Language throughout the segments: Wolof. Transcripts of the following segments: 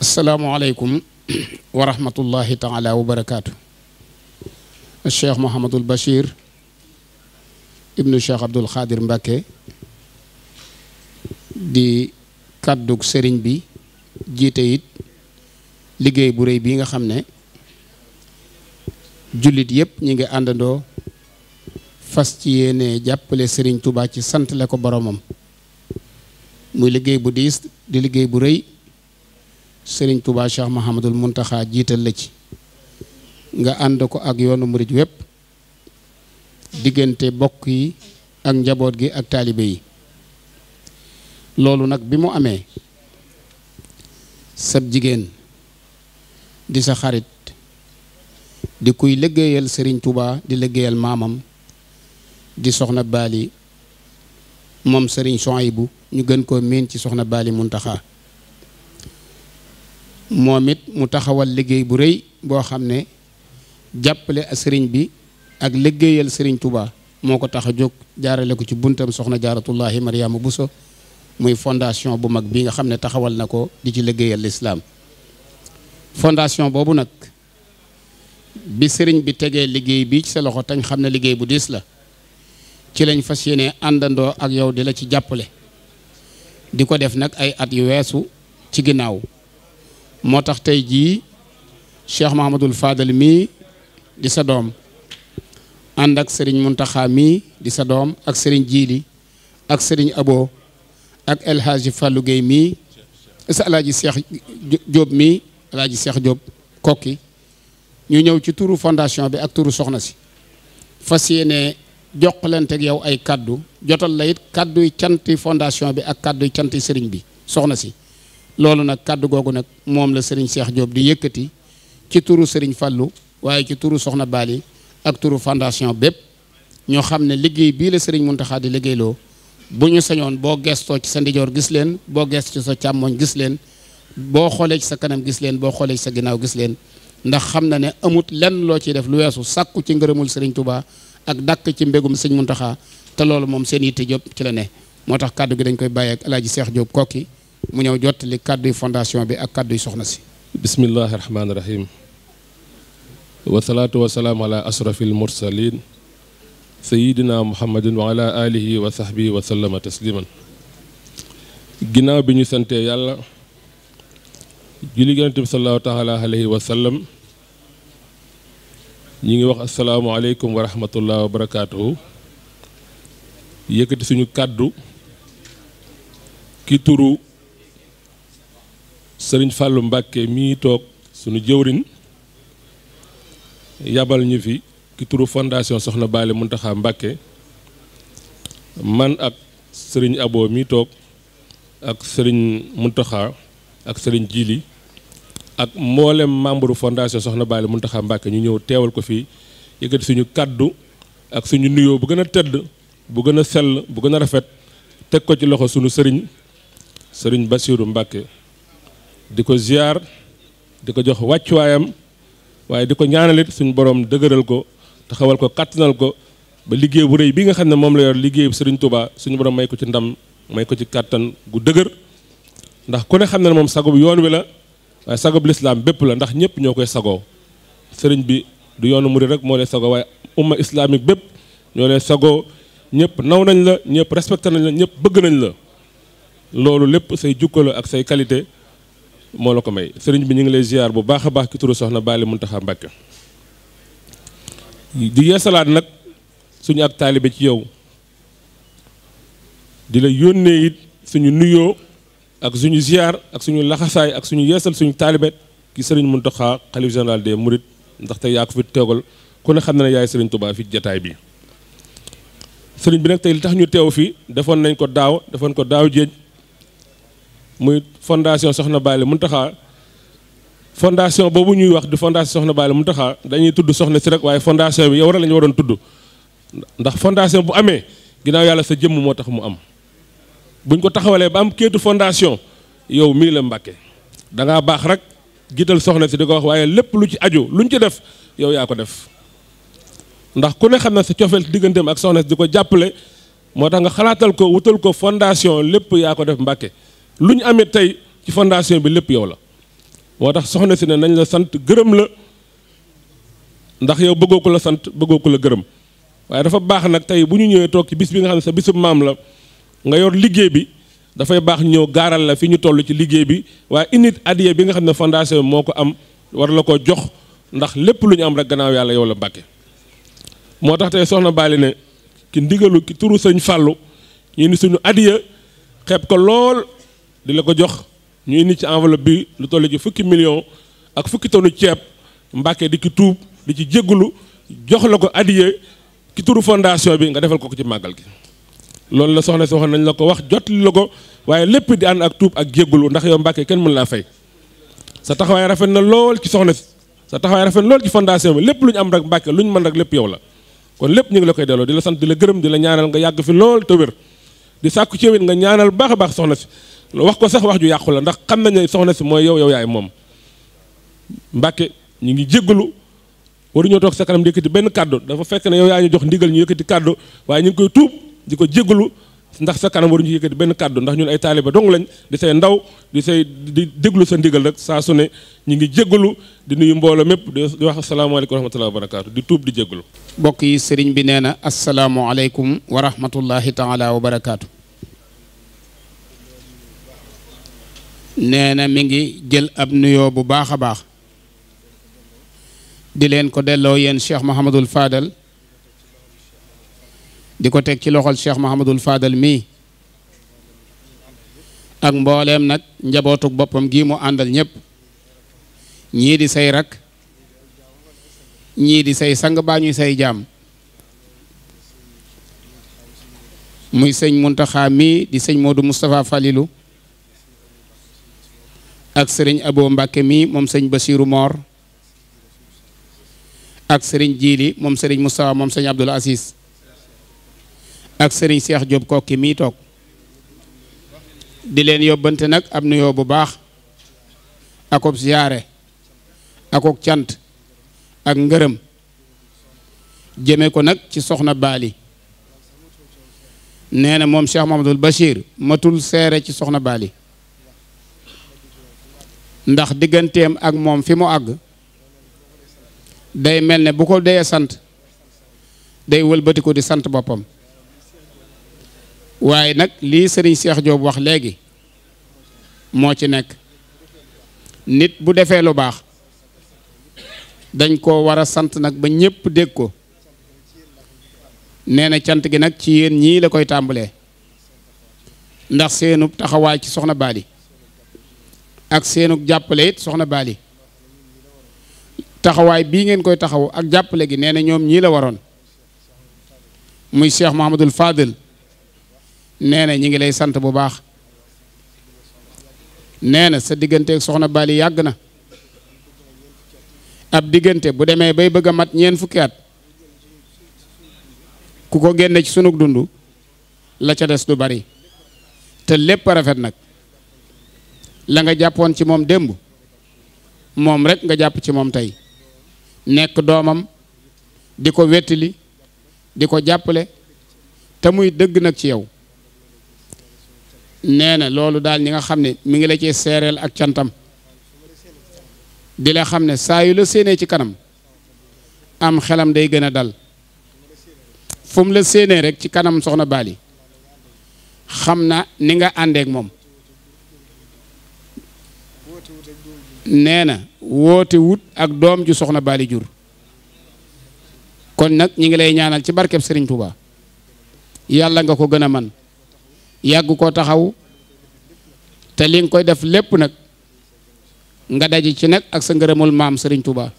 asalaamualeykum wa rahmatullahi taala wa barakaatu cheikh mohamadul bachir ibnu cheikh abdul xaadir mbàkke di kàddug sëriñ bi jiite it liggéey bu réy bi nga xam ne jullit yépp ñu ngi àndandoo fas ci yéene jàppale sëriñ Touba ci sant le ko boromam muy liggéey bu diis di liggéey bu rëy sëriñ Touba Cheikh Mouhamadul Mountakha jiital la ci nga ànd ko ak yoonu murit wépp diggante bokk yi ak njaboot gi ak taalibe yi loolu nag bi mu amee sab jigéen di sa xarit di kuy liggéeyal sëriñ Touba di liggéeyal maamam di soxna Bali moom sëriñ Souhaïbou ñu gën koo miin ci soxna baali Mountakha moom it mu taxawal liggéey bu rëy boo xam ne jàppale a sëriñ bi ak liggéeyal sëriñ Touba moo ko tax a jóg jaarale ko ci buntam soxna jaaratullahi bu Bousso muy fondation bu mag bi nga xam ne taxawal na ko di ci liggéeyal lislaam fondation boobu nag bi sëriñ bi tegee liggéey bi ci sa loxo tañ xam ne liggéey bu diis la ci lañ fas yéene àndandoo ak yow di la ci jàppale di ko def nag ay at yu weesu ci ginnaaw moo tax tey jii Cheikh Mahamadul Fadal mii di sa doom ànd ak sëriñ Muntaxa mii di sa doom ak sëriñ Jiili ak sëriñ Abo ak El Hadji Fallou Guèye mii sa alaaji Cheikh Diop mii alaaji Cheikh Diop kokki ñu ñëw ci turu fondation bi ak turu soxna si fas yéene jokkalante ak yow ay kàddu jotal la it kadduy canti fondation bi ak kadduy canti sëriñ bi soxna si loolu nag kàddu googu nag moom la sëriñ Cheikh Diop di yëkkati ci turu sëriñ Fallou waaye ci turu Soxna baali ak turu fondation bépp ñoo xam ne liggéey bii la sëriñ Mountakha di liggéeyloo bu ñu señoon boo gestoo ci sa ndijoor gis leen boo gees ci sa càmmooñ gis leen boo xoolee ci sa kanam gis leen boo xoolee sa ginnaaw gis leen ndax xam na ne amut lenn loo ci def lu weesu sàkku ci ngërëmul sëriñ Touba ak dàkk ci mbégum sëriñ Mountakha te loolu moom seen yitte Diop ci la ne moo tax kàddu dañ koy bàyyeek El Hadj Cheikh Diop kokki mu ñëw jottali kàdduy fondation bi ak kàdduy soxna si bismillahi rahmaani rahim wasalaatu wasalaamu ala ashrafil mursalin bi ñu santee yàlla julli yonent ngi wax asalaamualeykum wa rahmatullah wa yëkkati suñu kàddu ki sëriñ Fàllu Mbàkke mii toog suñu jëwriñ yabal ñu fi ki turu fondation Soxna Baali Muntaxa Mbàkke man ak sëriñ Abo mii toog ak sëriñ Muntaxa ak sëriñ Jili ak mboolem membre fondation Soxna Baali Muntaxa Mbàkke ñu ñëw teewal ko fii yëkkati suñu kàddu ak suñu nuyoo bu gën a tëdd bu gën a sell bu gën a rafet teg ko ci loxo suñu sëriñ sëriñ Basiiru Mbàkke di ko ziar di ko jox wàccuwaayam waaye di ko ñaanalit suñu borom dëgëral ko te taxawal ko kàttanal ko ba liggéey bu rëy bii nga xam ne moom la yor liggéey Serigne tubaa suñ borom may ko ci ndam may ko ci kàttan gu dëgër ndax ku ne xam ne moom sagub yoon wi la waaye sagub lislaam bépp la ndax ñëpp ñoo koy sagoo sëriñ bi du yoonu murid rek moo lay sagoo waaye umma islamique bépp ñoo ne sagoo ñëpp naw nañ la ñëpp respecté nañ la ñëpp bëgg nañ la loolu lépp say jukkaloo ak say qualité moo la ko may sëriñ bi ñu ngi lay ziar bu baax a baax ki turu soxna baale Muntaxa Mbàkke di yeesalaat nag suñu ak taalibe ci yow di la yónnee it suñu nuyoo ak suñu ziar ak suñu laxasaay ak suñu yeesal suñu taalibe ki sëriñ Muntaxa xalif général des Mourides ndaxte yaa ko fi teegal ku ne xam na ne yaay sëriñ Tuubaa fii jataay bi sëriñ bi nag tey li tax ñu teew fii defoon nañ ko daaw defoon ko daaw jéej muy fondation Soxna Baale Muntaxa fondation boobu ñuy wax di fondation Soxna Baale Muntaxa dañuy tudd soxna si rek waaye fondation bi yow rek la ñu waroon tudd ndax fondation bu amee ginnaaw yàlla sa jëmm moo tax mu am buñ ko taxawalee ba am kéetu fondation yow mii la Mbàkke da baax rek jiital soxna si di ko wax waaye lépp lu ci aju luñ ci def yow yaa ko def ndax ku ne xam na sa cofeel digganteem ak soxna si di ko jàppale moo tax nga xalaatal ko wutal ko fondation lépp yaa ko def Mbàkke lu ñu amee tey ci fondation bi lépp yow la moo tax soxna si ne nañ la sant gërëm la ndax yow bëggoo la sant bëggoo ko la gërëm waaye dafa baax nag tey bu ñu ñëwee toog ci bis bi nga xam ne sa bisu maam la nga yor liggéey bi dafay baax ñëw gaaral la fi ñu toll ci liggéey bi waaye init adiya bi nga xam ne fondation bi moo ko am war la ko jox ndax lépp lu ñu am rek gannaaw yàlla yow la Mbàkke moo tax tey soxna Baali ne ki ndigalu ki turu sëñ Fàllu ñu suñu adiya xeeb ko lool di la ko jox ñu indi ci enveloppe bi lu toll ci fukki million ak fukki tonu ceeb Mbàkke di ki tuub di ci jéggulu jox la ko addiye ki turu fondation bi nga defal ko ko ci màggal gi loolu la soxna si wax nañ la ko wax jot li la ko waaye lépp di ànd ak tuub ak jéggulu ndax yow Mbàkke kenn mën laa fay sa taxawaay rafet na lool ci soxna si sa taxawaay rafet na lool ci fondation bi lépp lu ñu am rek Mbàkke lu ñu mën rek lépp yow la kon lépp ñu ngi la koy delloo di la sant di la gërëm di la ñaanal nga yàgg fi lool te di sàkku ci yowit nga ñaanal baax a baax soxna si wax ko sax wax ju yàqu la ndax xam nañ ne soxna si mooy yow yow yaay moom Mbàkke ñu ngi jéggalu waruñoo toog sa kanam di yëkkati benn kàddu dafa fekk ne yow yaa ñu jox ndigal ñu yëkkati kàddu waaye ñu ngi koy tuub di ko jéggalu ndax sa kanam waruñu ci yëkkati benn kàddu ndax ñun ay taaliba dong lañ di say ndaw di say di déglu sa ndigal rek saa su ñu ngi jéggalu di nuyu mbooloo mépp di wax asalaamaaleykum wa rahmatullahi wa di tuub di jéggalu mbokk yi sëriñ bi nee na asalaamualeykum wa rahmatullahi taala wa barakaatu nee na mi ngi jël ab nuyoo bu baax a baax di leen ko delloo yéen Cheikh Mahamadul Fadal di ko teg ci loxol Cheikh Mahamadul Fadal mii ak mbooleem nag njabootuk boppam gii mu àndal ñëpp ñii di say rak ñii di say sang baa ñuy say jaam muy sëñ Muntaxa mii di sëñ Modou Moustapha Falilou ak sëriñ Abo Mbàkke mii moom sëñ Basiiru Moor ak sëriñ Jiili moom sëriñ Moustapha moom sëñ Abdoul Aziz ak sëriñ Cheikh kook kokki mii toog di leen yóbbante nag am nuyoo bu baax akob siyaare akok cant ak ngërëm jëme ko nag ci soxna baali nee na moom Cheikh Mamadul Bachir matul seere ci soxna baali ndax digganteem ak moom fi mu àgg day mel ne bu ko dee sant day wëlbatiku di sant boppam waaye nag lii sëriñ Cheikh Diop wax léegi moo ci nekk nit bu defee lu baax dañ ko war a sant nag ba ñépp dégg ko nee na cant gi nag ci yéen ñii la koy tàmbalee ndax seenub taxawaay ci soxna Bali ak seenub jàppale it soxna Bali taxawaay bii ngeen koy taxaw ak jàppale gi nee na ñoom ñii la waroon muy Cheikh Mahamadul Fadil nee na ñi ngi lay sant bu baax nee na sa digganteeg soxna Bali yàgg na ab diggante bu demee bay bëgg a mat ñeen fukki at ku ko génne ci sunug dund la ca des du bari te lépp rafet nag la nga jàppoon ci moom démb moom rek nga jàpp ci moom tey nekk doomam di ko wettali di ko jàppale te muy dëgg nag ci yow nee na loolu daal ñi nga xam ne mi ngi la ci seereel ak cantam di la xam ne saa yu la séenee ci kanam am xelam day gën a dal fu la séenee rek ci kanam soxna baali xam na ni nga àndeek moom nee na woote wut ak doom ju soxna Bali jur kon nag ñi ngi lay ñaanal ci barkeb Serigne Touba yàlla nga ko gën a man yàgg koo taxaw te li nga koy def lépp nag nga daje ci nag ak sa ngërëmul maam Serigne tubaa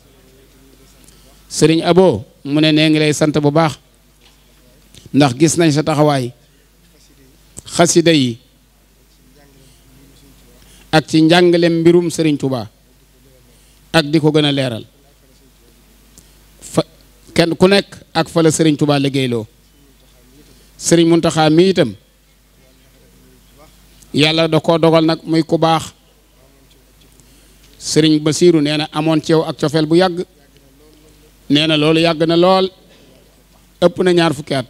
Serigne Abo mu ne nee ngi lay sant bu baax ndax gis nañ sa taxawaay xasida yi ak ci njàngalem mbirum Serigne tubaa ak di ko gën a leeral fa kenn ku nekk ak fa la Serigne Touba liggéeyloo Serigne Mountakha mi itam. yàlla da ko dogal nag muy ku baax sëriñ Basiiru nee na amoon ceew ak cofeel bu yàgg nee na loolu yàgg na lool ëpp na ñaar fukki at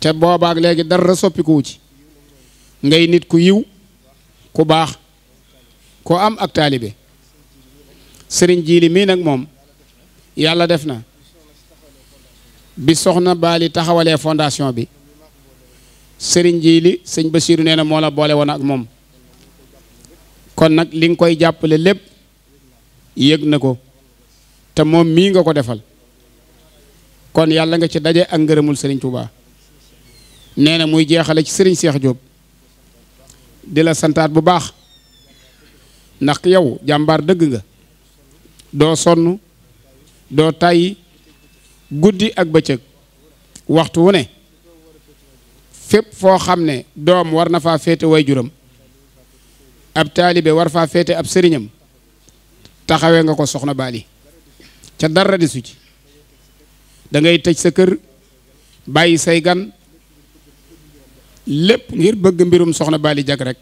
te boobaak léegi dara soppikuwu ci ngay nit ku yiw ku baax ku am ak taalibe sëriñ jiili mii nag moom yàlla def na bi soxna baali taxawalee fondation bi sëriñ li sëñ Basiiru nee na moo la boole won ak moom kon nag li nga koy jàppale lépp yëg na ko te moom mii nga ko defal kon yàlla nga ci daje ak ngërëmul sëriñ Touba nee na muy jeexale ci sëriñ Seex Jóob di la santaat bu baax ndax yow jàmbaar dëgg nga doo sonn doo tàyyi guddi ak bëccëg waxtu wu ne fépp foo xam ne doom war na faa féete waajuram ab taalibe war faa féete ab sëriñam taxawe nga ko soxna Bali ca dara desu ci da tëj sa kër bàyyi say gan lépp ngir bëgg mbirum soxna Bali jag rek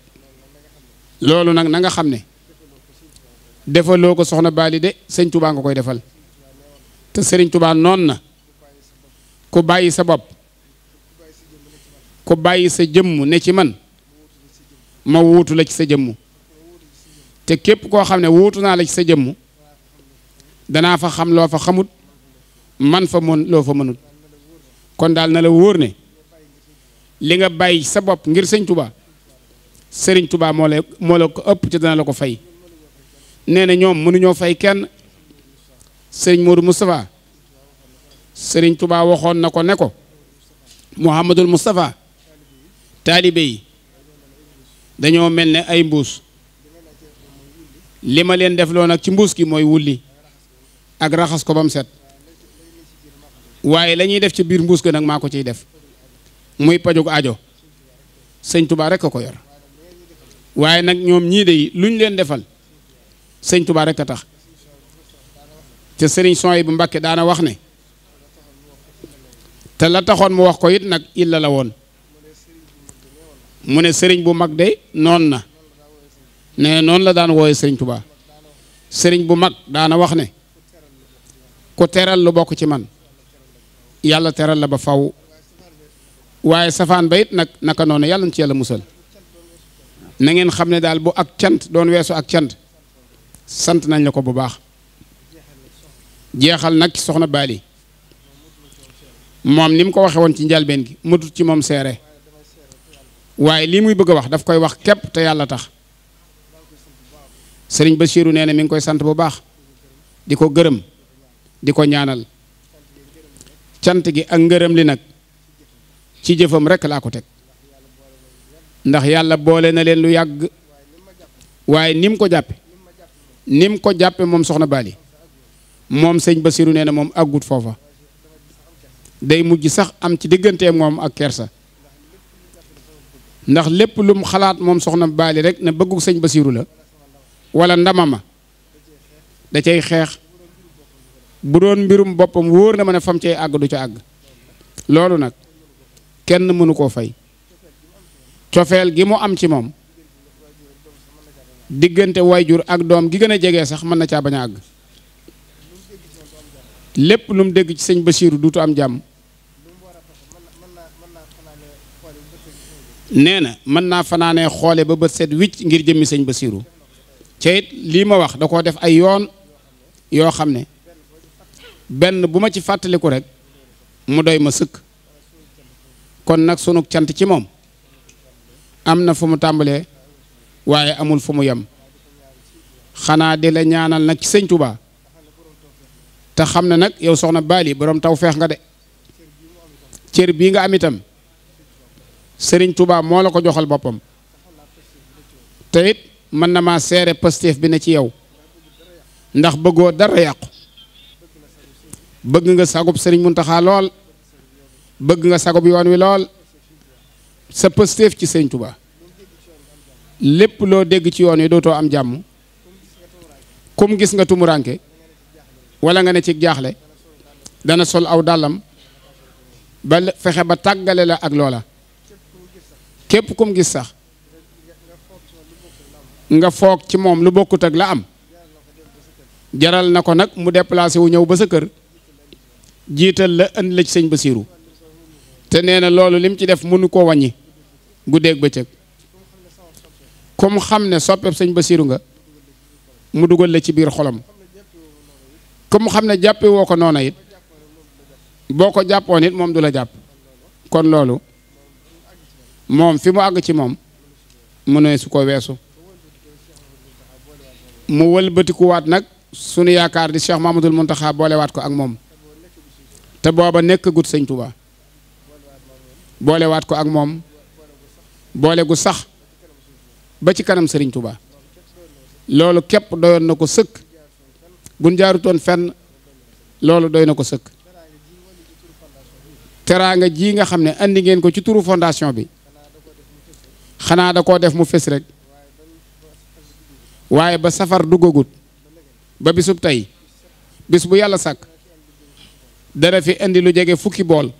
loolu nag nanga xam ne defaloo ko soxna Bali de sëñ Touba nga koy defal te sëriñ Touba noon na ku bàyyi sa bopp. ku bàyyi sa jëmm ne ci man ma wuutu la ci sa jëmm te képp koo xam ne wuutu naa la ci sa jëmm danaa fa xam loo fa xamut man fa mën loo fa mënut kon daal na la wóor ne li nga bàyyi sa bopp ngir sëñ Touba sëriñ Touba moo la ko ëpp te dana la ko fay nee na ñoom mënuñoo fay kenn sëriñ Modou Moustapha sëriñ tubaa waxoon na ko ne ko Mouhamadul Moustapha taalibe yi dañoo mel ne ay mbuus li ma leen def ak ci mbuus ki mooy wulli ak raxas ko ba mu set waaye lañuy def ci biir mbuus ga nag maa ko ciy def muy pajug ajo sëñ Tuba rek a ko yor waaye nag ñoom ñii de luñ leen defal sëñ Tuba rek a tax te sëriñ Sooy bu Mbàkke daana wax ne te la taxoon mu wax ko it nag illa la woon mu ne sëriñ bu mag de noon na ne noonu la daan wooye sëriñ Tuubaa sëriñ bu mag daana wax ne ku teral lu bokk ci man yàlla teral la ba faw waaye safaan ba it nag naka noonu yàlla na ci yàlla musal na ngeen xam ne daal bu ak cant doon weesu ak cant sant nañ la ko bu baax jeexal nag soxna Bali moom ni mu ko waxe woon ci njalbeen gi mutut ci moom seere waaye lii muy bëgg a wax dafa koy wax képp te yàlla tax sëriñ Bachirou nee na mi ngi koy sant bu baax di ko gërëm di ko ñaanal cant gi ak ngërëm li nag ci jëfam rekk laa ko teg ndax yàlla boole na leen lu yàgg waaye ni mu ko jàppe nim ko jàppe moom soxna baali moom sëñ Basiru nee na moom àggut foofa day mujj sax am ci digganteem moom ak kersa ndax lépp lu xalaat moom soxna baali rek ne bëggu sëñ Basiiru la wala ndamama da cay xeex bu doon mbirum boppam wóor na ma ne fam cay àgg du ca àgg loolu nag kenn mënu koo fay cofeel gi mu am ci moom diggante wayjur ak doom gi gën a jege sax mën na caa bañ a àgg lépp lu dégg ci sëñ Basiiru duutu am jàmm nee na mën naa fanaanee xoole ba bët set wicc ngir jëmmi sëñ ba ca it lii ma wax da koo def ay yoon yoo xam ne benn bu ma ci fàttaliku rek mu doy ma sëkk kon nag sunu cant ci moom am na fu mu tàmbalee waaye amul fu mu yem xanaa di la ñaanal nag ci sëñ Tuubaa te xam ne nag yow soxna Bali boroom taw feex nga de cër bii nga am itam sëriñ Touba moo la ko joxal boppam te it mën na maa seere pastéef bi ne ci yow ndax bëggoo dara yàqu bëgg nga sagub sëriñ Muntaxa lool bëgg nga sagub yoon wi lool sa pastéef ci sëriñ Touba lépp loo dégg ci yoon wi dootoo am jàmm kum gis nga tumuraanke wala nga ne ci jaaxle dana sol aw dàllam ba fexe ba tàggale la ak loola képp kum gis sax nga foog ci moom lu bokkut ak la am jaral na ko nag mu déplacé wu ñëw ba sa kër jiital la ënd la sëñ Basiiru te nee na loolu lim ci def mënu koo wàññi guddeeg bëccëg comme xam ne soppeeb sëñ Basiiru nga mu dugal la ci biir xolom comme xam ne jàppee ko noona it boo ko jàppoon moom du la jàpp kon loolu moom fi mu àgg ci moom mu ne su ko weesu mu wëlbatikuwaat nag sunu yaakaar di Cheikh taxaa boole waat ko ak moom te booba nekkagut sëñ Tuba boolewaat ko ak moom boole gu sax ba ci kanam sëriñ Tuba loolu képp doyoon na ko sëkk gun jaarutoon fenn loolu doy na ko sëkk teraanga ji nga xam ne indi ngeen ko ci turu fondation bi xanaa da koo def mu fés rek waaye ba safar duggagut ba bisub tey bis bu yàlla sàkk dana fi indi lu jege fukki bool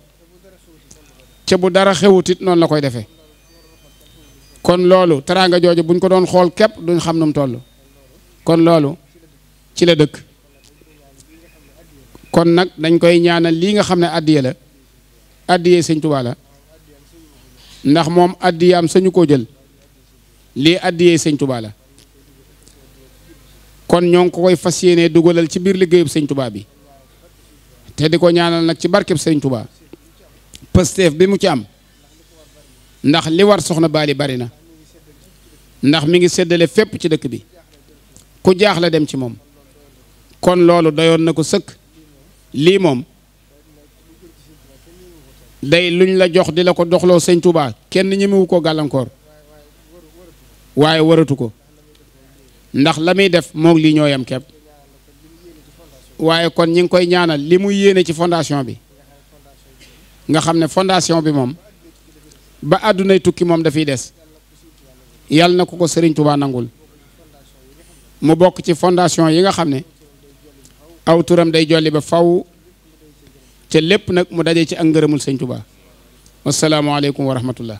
ca dara xewutit noonu la koy defe kon loolu teraanga jooju buñ ko doon xool képp duñ xam nu mu kon loolu ci la dëkk kon nag dañ koy ñaanal lii nga xam ne addiye la addiye sëñ Tuubaa ndax moom addiyaam sañu koo jël lii addiyee sëñ tubaa la kon ñoo ngi ko koy fas yéenee dugalal ci biir liggéeyub sëñ tubaa bi te di ko ñaanal nag ci barkeb sëñ tubaa pësteef bi mu ci am ndax li war soxna baali bari na ndax mi ngi seddale fépp ci dëkk bi ku jaax la dem ci moom kon loolu dayoon na ko sëkk lii moom day luñ la jox di la ko doxloo sëñ Touba kenn ñemewu ko gàllankoor waaye waratu ko ndax la muy def moog lii ñoo yem kepp waaye kon ñi ngi koy ñaanal li muy yéene ci fondation bi nga xam ne fondation bi moom ba àddunay tukki moom dafay des yàlla na ko ko sëriñ Touba nangul mu bokk ci fondation yi nga xam ne aw day jolli ba faw te lépp nag mu dajee ci ak ngërëmul sëñ Tuubaa wasalaamaaleykum wa rahmatullah